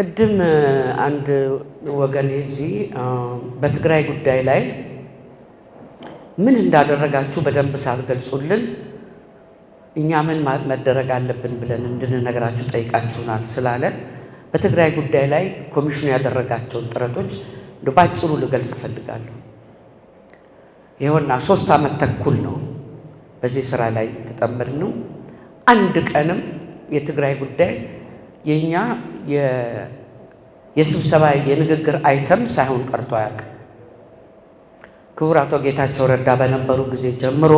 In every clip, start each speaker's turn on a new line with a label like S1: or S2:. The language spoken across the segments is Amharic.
S1: ቅድም አንድ ወገን እዚህ በትግራይ ጉዳይ ላይ ምን እንዳደረጋችሁ በደንብ ሳትገልጹልን እኛ ምን መደረግ አለብን ብለን እንድንነግራችሁ ጠይቃችሁናል ስላለ በትግራይ ጉዳይ ላይ ኮሚሽኑ ያደረጋቸውን ጥረቶች እንደ ባጭሩ ልገልጽ እፈልጋለሁ። ይኸውና ሶስት ዓመት ተኩል ነው በዚህ ስራ ላይ የተጠመድነው። አንድ ቀንም የትግራይ ጉዳይ የእኛ የስብሰባ የንግግር አይተም ሳይሆን ቀርቶ አያውቅም። ክቡር አቶ ጌታቸው ረዳ በነበሩ ጊዜ ጀምሮ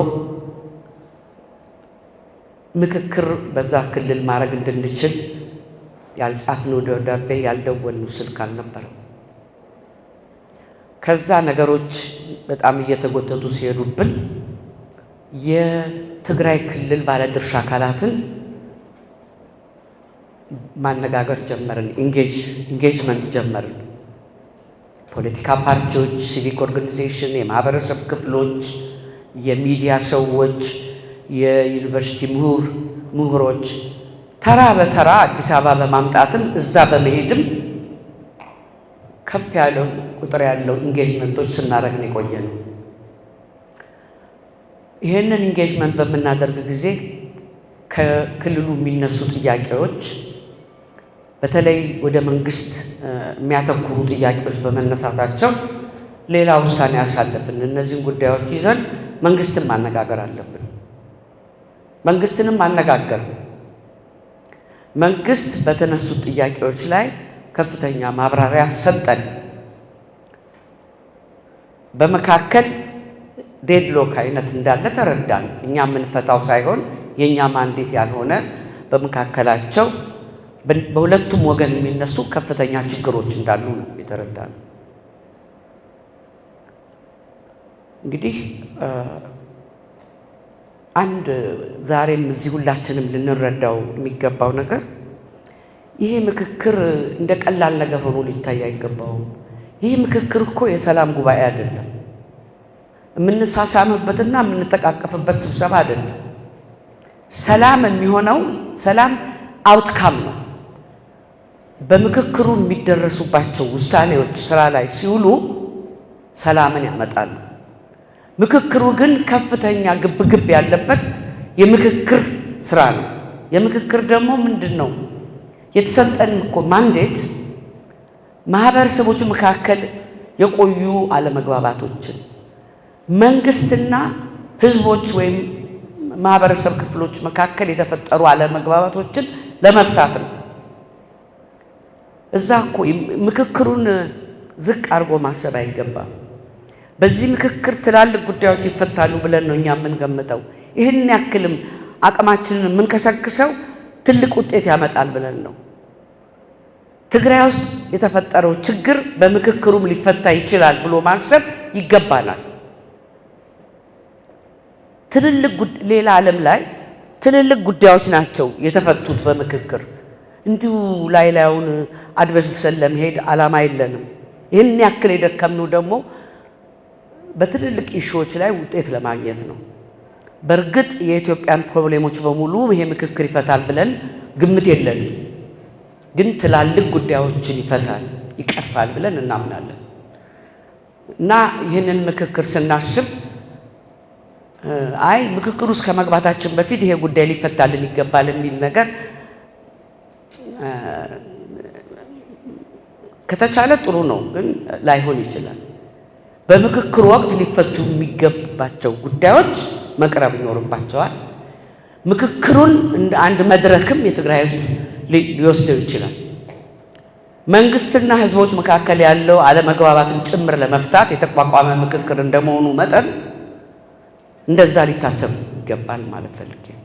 S1: ምክክር በዛ ክልል ማድረግ እንድንችል ያልጻፍነው ደብዳቤ፣ ያልደወልነው ስልክ አልነበረም። ከዛ ነገሮች በጣም እየተጎተቱ ሲሄዱብን የትግራይ ክልል ባለድርሻ አካላትን ማነጋገር ጀመርን፣ ኢንጌጅመንት ጀመርን። ፖለቲካ ፓርቲዎች፣ ሲቪክ ኦርጋኒዜሽን፣ የማህበረሰብ ክፍሎች፣ የሚዲያ ሰዎች፣ የዩኒቨርሲቲ ምሁር ምሁሮች ተራ በተራ አዲስ አበባ በማምጣትም እዛ በመሄድም ከፍ ያለ ቁጥር ያለው ኢንጌጅመንቶች ስናደርግ ነው የቆየ ነው። ይህንን ኢንጌጅመንት በምናደርግ ጊዜ ከክልሉ የሚነሱ ጥያቄዎች በተለይ ወደ መንግስት የሚያተኩሩ ጥያቄዎች በመነሳታቸው ሌላ ውሳኔ ያሳለፍን እነዚህን ጉዳዮች ይዘን መንግስትን ማነጋገር አለብን። መንግስትንም አነጋገር መንግስት በተነሱ ጥያቄዎች ላይ ከፍተኛ ማብራሪያ ሰጠን። በመካከል ዴድሎክ አይነት እንዳለ ተረዳን። እኛ የምንፈታው ሳይሆን የእኛ ማንዴት ያልሆነ በመካከላቸው በሁለቱም ወገን የሚነሱ ከፍተኛ ችግሮች እንዳሉ ነው የተረዳ ነው። እንግዲህ አንድ ዛሬም እዚህ ሁላችንም ልንረዳው የሚገባው ነገር ይሄ ምክክር እንደ ቀላል ነገር ሆኖ ሊታይ አይገባውም። ይህ ምክክር እኮ የሰላም ጉባኤ አይደለም። የምንሳሳምበትና የምንጠቃቀፍበት ስብሰባ አይደለም። ሰላም የሚሆነው ሰላም አውትካም ነው። በምክክሩ የሚደረሱባቸው ውሳኔዎች ስራ ላይ ሲውሉ ሰላምን ያመጣሉ። ምክክሩ ግን ከፍተኛ ግብግብ ያለበት የምክክር ስራ ነው። የምክክር ደግሞ ምንድን ነው? የተሰጠን እኮ ማንዴት ማህበረሰቦች መካከል የቆዩ አለመግባባቶችን መንግስትና ህዝቦች ወይም ማህበረሰብ ክፍሎች መካከል የተፈጠሩ አለመግባባቶችን ለመፍታት ነው። እዛ እኮ ምክክሩን ዝቅ አድርጎ ማሰብ አይገባም። በዚህ ምክክር ትላልቅ ጉዳዮች ይፈታሉ ብለን ነው እኛ የምንገምተው። ይህን ያክልም አቅማችንን የምንከሰክሰው ትልቅ ውጤት ያመጣል ብለን ነው። ትግራይ ውስጥ የተፈጠረው ችግር በምክክሩም ሊፈታ ይችላል ብሎ ማሰብ ይገባናል። ትልልቅ ሌላ ዓለም ላይ ትልልቅ ጉዳዮች ናቸው የተፈቱት በምክክር እንዲሁ ላይ ላዩን አድበስብሰን ለመሄድ አላማ የለንም። ይህን ያክል የደከምነው ደግሞ በትልልቅ ኢሹዎች ላይ ውጤት ለማግኘት ነው። በእርግጥ የኢትዮጵያን ፕሮብሌሞች በሙሉ ይሄ ምክክር ይፈታል ብለን ግምት የለንም። ግን ትላልቅ ጉዳዮችን ይፈታል፣ ይቀርፋል ብለን እናምናለን እና ይህንን ምክክር ስናስብ አይ ምክክር ውስጥ ከመግባታችን በፊት ይሄ ጉዳይ ሊፈታልን ይገባል የሚል ነገር ከተቻለ ጥሩ ነው፣ ግን ላይሆን ይችላል። በምክክር ወቅት ሊፈቱ የሚገባቸው ጉዳዮች መቅረብ ይኖርባቸዋል። ምክክሩን እንደ አንድ መድረክም የትግራይ ህዝብ ሊወስደው ይችላል። መንግስትና ህዝቦች መካከል ያለው አለመግባባትን ጭምር ለመፍታት የተቋቋመ ምክክር እንደመሆኑ መጠን እንደዛ ሊታሰብ ይገባል ማለት ፈልጌ